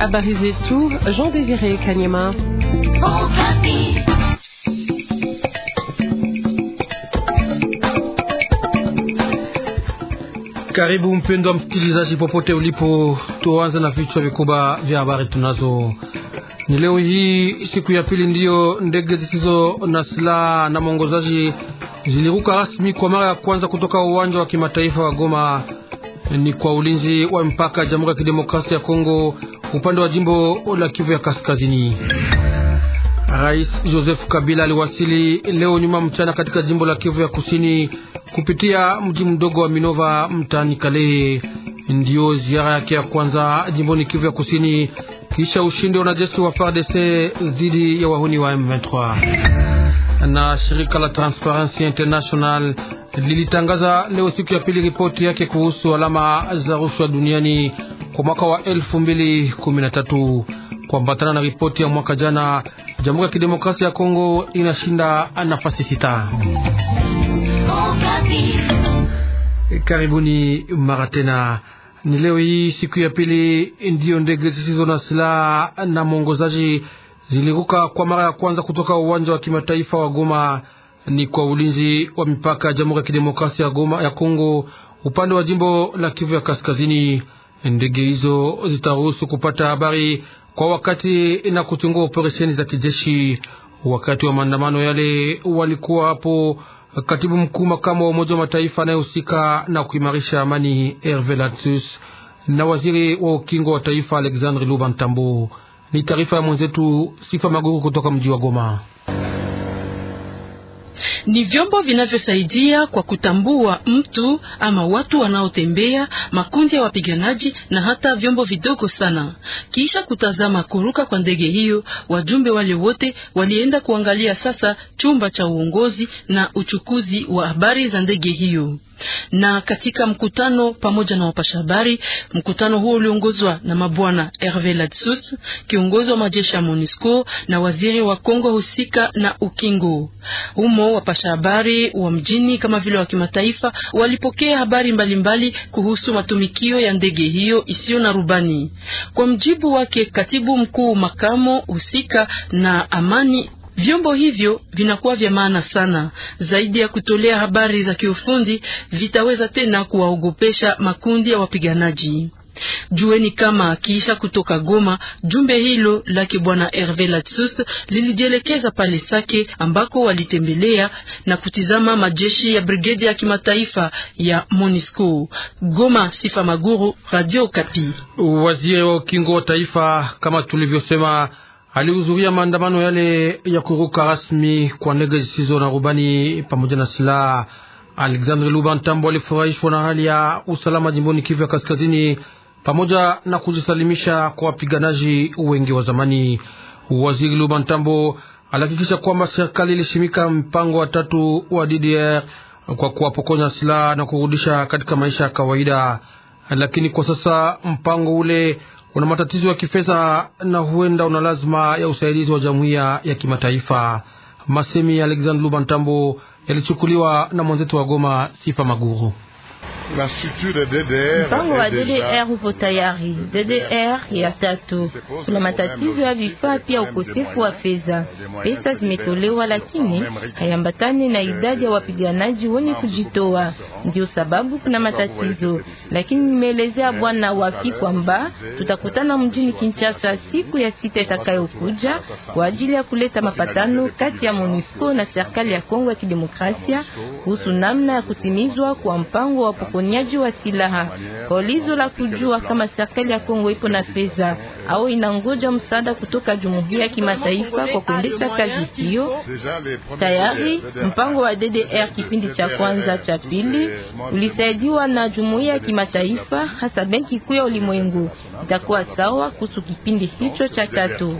Habari zetu Jean Désiré Kanyema. Karibu mpendwa msikilizaji, popote ulipo, tuanze na vichwa vikubwa vya habari tunazo ni leo hii. Siku ya pili ndiyo ndege zisizo na silaha na mwongozaji ziliruka rasmi kwa mara ya kwanza kutoka uwanja wa kimataifa wa Goma ni kwa ulinzi wa mpaka ya Jamhuri ya Kidemokrasia ya Kongo upande wa jimbo la Kivu ya Kaskazini. Rais Joseph Kabila aliwasili leo nyuma mchana katika jimbo la Kivu ya Kusini kupitia mji mdogo wa Minova mtaani Kalehe. Ndiyo ziara yake ya kwanza jimboni Kivu ya Kusini kisha ushindi wa wanajeshi wa FARDC dhidi ya wahuni wa M23. Na shirika la Transparency International lilitangaza leo siku ya pili ripoti yake kuhusu alama za rushwa duniani kwa mwaka wa 2013 kuambatana na ripoti ya mwaka jana. Jamhuri ya Kidemokrasia ya Kongo inashinda nafasi sita. Karibuni mara tena. Ni leo hii siku ya pili ndiyo ndege zisizo na silaha na mwongozaji ziliruka kwa mara ya kwanza kutoka uwanja wa kimataifa wa Goma ni kwa ulinzi wa mipaka ya Jamhuri ya Kidemokrasia ya Goma ya Kongo upande wa jimbo la Kivu ya Kaskazini. Ndege hizo zitaruhusu kupata habari kwa wakati na kuchungua operesheni za kijeshi. Wakati wa maandamano yale walikuwa hapo katibu mkuu makamu wa Umoja wa Mataifa anayehusika na kuimarisha amani Herve Latsus na waziri wa ukingo wa taifa Alexandre Luba Ntambo. Ni taarifa ya mwenzetu Sifa Maguru kutoka mji wa Goma ni vyombo vinavyosaidia kwa kutambua mtu ama watu wanaotembea, makundi ya wapiganaji na hata vyombo vidogo sana. Kisha kutazama kuruka kwa ndege hiyo, wajumbe wale wote walienda kuangalia sasa chumba cha uongozi na uchukuzi wa habari za ndege hiyo na katika mkutano pamoja na wapasha habari. Mkutano huo uliongozwa na mabwana Herve Ladsus, kiongozi wa majeshi ya MONUSCO na waziri wa Kongo husika na ukingo. Humo wapasha habari wa mjini kama vile wa kimataifa walipokea habari mbalimbali mbali kuhusu matumikio ya ndege hiyo isiyo na rubani. Kwa mjibu wake katibu mkuu makamo husika na amani Vyombo hivyo vinakuwa vya maana sana zaidi ya kutolea habari za kiufundi, vitaweza tena kuwaogopesha makundi ya wapiganaji. Jueni kama akiisha kutoka Goma, jumbe hilo lake bwana Herve Latsus lilijielekeza pale Sake ambako walitembelea na kutizama majeshi ya brigedi ya kimataifa ya MONUSCO. Goma, Sifa Maguru, Radio Kapi. Waziri wa ukingo wa taifa, kama tulivyosema alihudhuria maandamano yale ya kuruka rasmi kwa ndege zisizo na rubani pamoja na silaha. Alexandre lubantambo alifurahishwa na hali ya usalama jimboni Kivu ya Kaskazini pamoja na kujisalimisha kwa wapiganaji wengi wa zamani. Waziri Luba Ntambo alihakikisha kwamba serikali ilishimika mpango wa tatu wa DDR kwa kuwapokonya silaha na kurudisha katika maisha ya kawaida, lakini kwa sasa mpango ule una matatizo ya kifedha na huenda una lazima ya usaidizi wa jamuiya ya kimataifa. Masemi ya Alexandre Lubantambo yalichukuliwa na mwenzetu wa Goma, Sifa Maguru na structure DDR mpango wa DDR upo tayari. DDR ya tatu, kuna matatizo ya vifaa pia ukosefu wa fedha. Pesa zimetolewa lakini hayambatani na idadi ya wapiganaji wenye kujitoa, ndio sababu kuna matatizo. Lakini nimeelezea eh, bwana Wafi kwamba tutakutana eh, mjini Kinshasa siku ya sita itakayokuja kwa ajili ya kuleta mapatano kati ya MONUSCO na serikali ya Kongo ya Kidemokrasia kuhusu eh, namna ya kutimizwa kwa mpango wa uponyaji wa silaha kwa ulizo la kujua kama serikali ya Kongo ipo na fedha au inangoja msaada kutoka jumuiya ya kimataifa kwa kuendesha kazi hiyo. Tayari mpango wa DDR kipindi cha kwanza cha pili ulisaidiwa na jumuiya ya kimataifa hasa Benki Kuu ya Ulimwengu. Itakuwa sawa kuhusu kipindi hicho cha tatu.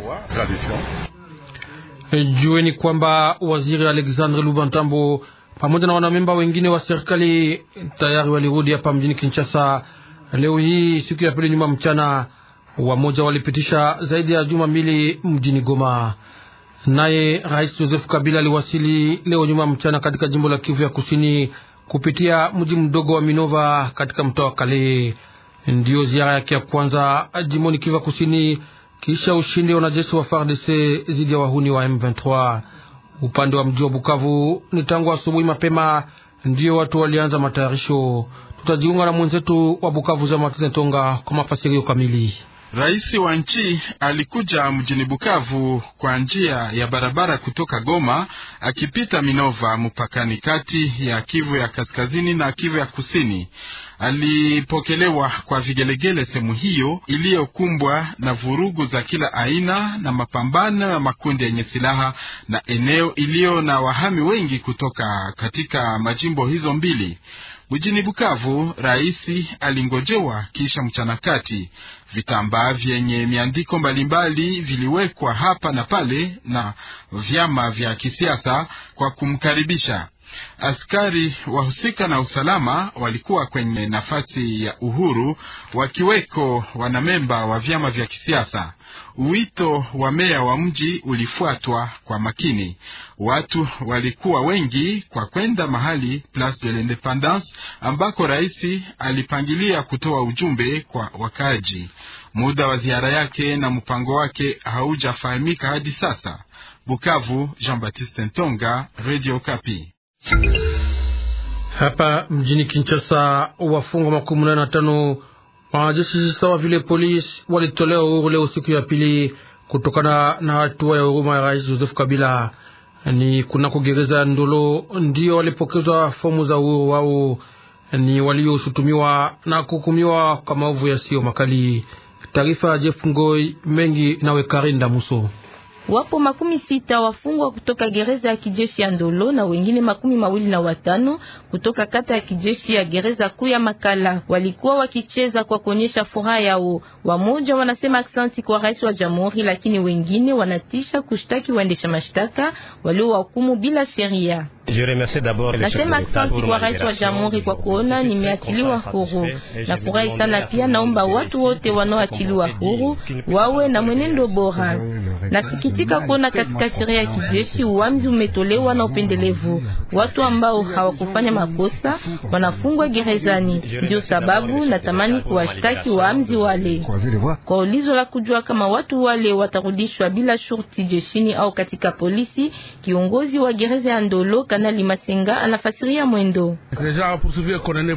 Jueni kwamba waziri Alexandre Lubantambo pamoja na wanamemba wengine wa serikali tayari walirudi hapa mjini Kinshasa leo hii siku ya pili nyuma mchana. Wamoja walipitisha zaidi ya juma mbili mjini Goma. Naye Rais Joseph Kabila aliwasili leo nyuma mchana katika jimbo la Kivu ya Kusini kupitia mji mdogo wa Minova katika mtaa wa Kale. Ndiyo ziara yake ya kwanza jimboni Kivu ya Kusini kisha ushindi wa wanajeshi wa FARDC dhidi ya wahuni wa M23. Upande wa mji wa Bukavu ni tangu asubuhi mapema ndiyo watu walianza matayarisho. Tutajiunga na mwenzetu wa Bukavu za Matize Tonga kwa mafasirio kamili. Rais wa nchi alikuja mjini Bukavu kwa njia ya barabara kutoka Goma akipita Minova mpakani kati ya Kivu ya Kaskazini na Kivu ya Kusini alipokelewa kwa vigelegele sehemu hiyo iliyokumbwa na vurugu za kila aina na mapambano ya makundi yenye silaha na eneo iliyo na wahami wengi kutoka katika majimbo hizo mbili. Mjini Bukavu, rais alingojewa kisha mchana kati. Vitambaa vyenye miandiko mbalimbali viliwekwa hapa na pale na vyama vya kisiasa kwa kumkaribisha. Askari wahusika na usalama walikuwa kwenye nafasi ya uhuru, wakiweko wanamemba wa vyama vya kisiasa. Wito wa meya wa mji ulifuatwa kwa makini. Watu walikuwa wengi kwa kwenda mahali Place de l'Independance ambako rais alipangilia kutoa ujumbe kwa wakaaji. Muda wa ziara yake na mpango wake haujafahamika hadi sasa. Bukavu, Jean Baptiste Ntonga, Radio Kapi. Hapa mjini Kinshasa, wafungwa makumi nane na tano wanajeshi sawa vile polisi walitolewa uhuru leo siku ya pili kutokana na hatua ya huruma ya Rais Joseph Kabila. Ni kuna kugereza Ndolo ndio walipokezwa fomu za uhuru wao. Ni walioshutumiwa na kuhukumiwa kwa maovu yasiyo makali. Taarifa ya Jeff Ngoi mengi nawe Karinda Muso. Wapo makumi sita wafungwa kutoka gereza ya kijeshi ya Ndolo na wengine makumi mawili na watano kutoka kata ya kijeshi ya gereza kuu ya Makala walikuwa wakicheza kwa kuonyesha furaha yao. Wamoja wanasema aksanti kwa rais wa jamhuri, lakini wengine wanatisha kushtaki waendesha mashtaka waliowahukumu bila sheria. Nasema asante kwa rais wa jamhuri kwa kuona nimeachiliwa huru. Nafurahi sana pia, naomba watu wote wanaoachiliwa huru wawe na mwenendo bora. Nasikitika kuona katika sheria ya kijeshi uamuzi umetolewa na upendelevu. Watu ambao hawakufanya makosa wanafungwa gerezani. Ndio sababu natamani kuwashtaki waamzi wale kwa ulizo la kujua kama watu wale watarudishwa bila shurti jeshini au katika polisi. Kiongozi wa gereza ya Ndolo Kanali Masenga anafasiria mwendo.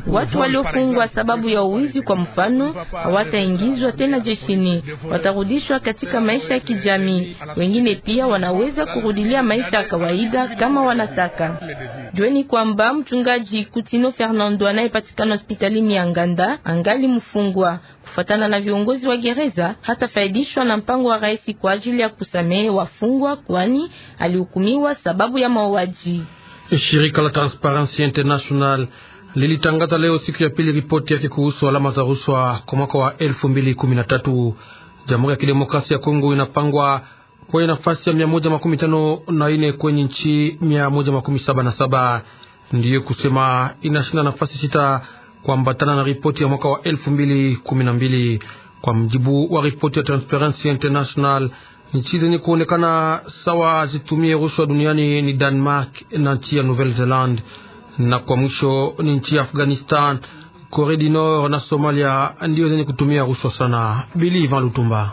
Watu waliofungwa sababu ya uwizi, kwa mfano, hawataingizwa tena jeshini, watarudishwa katika maisha ya kijamii. Wengine pia wanaweza kurudilia maisha ya kawaida kama wanataka. Jueni kwamba mchungaji Kutino Fernando anayepatikana hospitalini ya Nganda angali mfungwa. Kufatana na viongozi wa gereza, hatafaidishwa na mpango wa rais kwa ajili ya kusamehe wafungwa, kwani alihukumiwa sababu ya mauaji. Shirika la Transparency International lilitangaza leo siku ya pili ripoti yake kuhusu alama za rushwa kwa mwaka wa 2013. Jamhuri ya Kidemokrasia ya Kongo inapangwa kwenye nafasi ya 154 kwenye nchi 177, ndiyo kusema inashinda nafasi sita kuambatana na ripoti ya mwaka wa 2012. Kwa mjibu wa ripoti ya Transparency International Nchi zenye kuonekana sawa zitumie rushwa duniani ni Denmark na nchi ya Nouvelle Zealand, na kwa mwisho ni nchi ya Afghanistan, Korea du Nord na Somalia ndiyo zenye kutumia rushwa sana. Bili Ivan Lutumba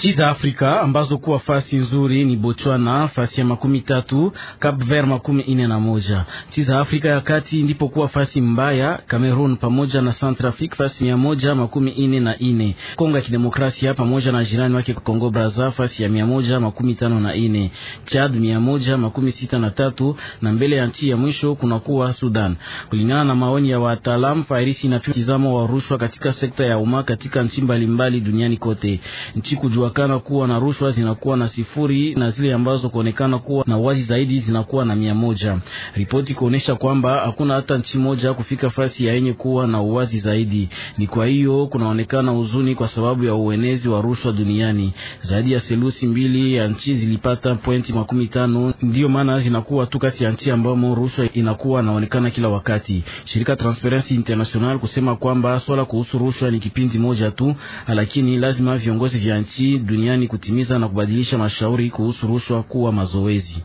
Nchi za Afrika ambazo kuwa fasi nzuri ni Botswana fasi ya makumi tatu, Cape Verde makumi ine na moja. Nchi za Afrika ya kati ndipo kuwa fasi mbaya, Cameroon pamoja na Centrafrique fasi mia moja makumi ine na ine, Kongo ya Kidemokrasia pamoja na jirani wake Kongo Brazza fasi ya mia moja makumi tano na ine, Chad mia moja makumi sita na tatu, na mbele ya nchi ya mwisho kuna kuwa Sudan. Kulingana na maoni ya wataalam fairisi na pia mtizamo wa rushwa katika sekta ya umma katika nchi mbalimbali duniani kote. Nchi kujua kuonekana kuwa na rushwa zinakuwa na sifuri na zile ambazo kuonekana kuwa na wazi zaidi zinakuwa na mia moja. Ripoti kuonesha kwamba hakuna hata nchi moja kufika fasi ya yenye kuwa na uwazi zaidi. Ni kwa hiyo kunaonekana huzuni kwa sababu ya uenezi wa rushwa duniani. Zaidi ya selusi mbili ya nchi zilipata pointi makumi tano, ndiyo maana zinakuwa tu kati ya nchi ambamo rushwa inakuwa naonekana kila wakati. Shirika Transparency International kusema kwamba swala kuhusu rushwa ni kipindi moja tu, lakini lazima viongozi vya nchi duniani kutimiza na kubadilisha mashauri kuhusu rushwa kuwa mazoezi.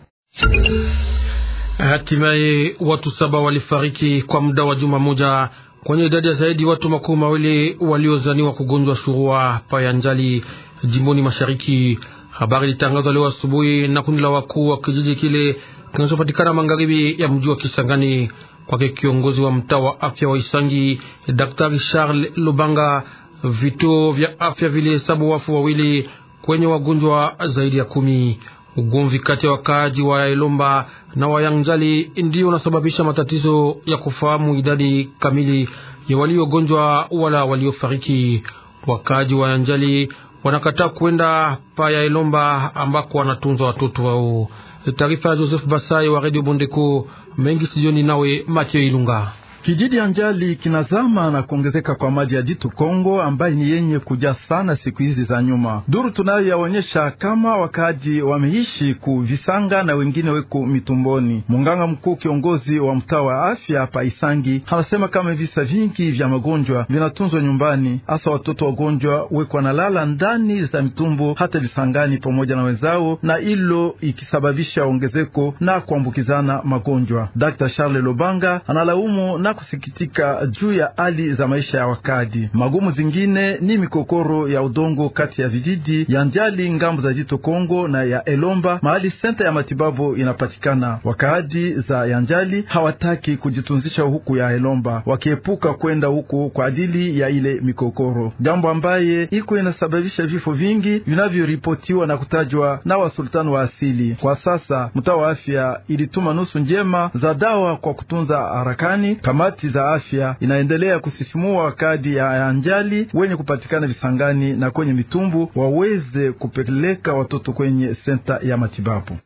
Hatimaye watu saba walifariki kwa muda wa juma moja kwenye idadi ya zaidi watu makumi mawili waliozaniwa kugonjwa shurua payanjali jimboni mashariki. Habari ilitangazwa leo asubuhi na kundi la wakuu wa kijiji kile kinachopatikana magharibi ya mji wa Kisangani. Kwake kiongozi wa mtaa wa afya wa Isangi, Daktari Charles Lubanga vituo vya afya vilihesabu wafu wawili kwenye wagonjwa zaidi ya kumi. Ugomvi kati ya wakaaji wa Elomba na Wayanjali ndio unasababisha matatizo ya kufahamu idadi kamili ya waliogonjwa wala waliofariki. Wakaaji wa Yanjali wanakataa kwenda pa Elomba ambako wanatunza watoto wao. Taarifa ya Joseph Basai wa Radio Bondeko mengi sijoni nawe Mathieu Ilunga. Kijiji Anjali kinazama na kuongezeka kwa maji ya jitu Kongo ambaye ni yenye kuja sana siku hizi za nyuma. Duru tunayo yaonyesha kama wakaaji wameishi kuvisanga na wengine weku mitumboni. Munganga mkuu kiongozi wa mtaa wa afya hapa Isangi anasema kama visa vingi vya magonjwa vinatunzwa nyumbani, hasa watoto wagonjwa weku wanalala ndani za mitumbo hata visangani pamoja na wenzao, na ilo ikisababisha ongezeko na kuambukizana magonjwa. Dr. Charles Lobanga analaumu na kusikitika juu ya hali za maisha ya wakadi magumu. Zingine ni mikokoro ya udongo kati ya vijiji ya Ndiali ngambo za jito Kongo na ya Elomba mahali senta ya matibabu inapatikana. Wakadi za ya hawataki kujitunzisha huku ya Elomba, wakiepuka kwenda huku kwa ajili ya ile mikokoro, jambo ambaye iko inasababisha vifo vingi vinavyoripotiwa na kutajwa na wasultani wa asili. Kwa sasa mtaa wa afya ilituma nusu njema za dawa kwa kutunza harakani kama kamati za afya inaendelea kusisimua kadi ya anjali wenye kupatikana visangani na kwenye mitumbu waweze kupeleka watoto kwenye senta ya matibabu.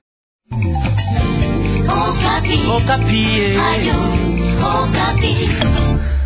Okapi. Okapi. Okapi.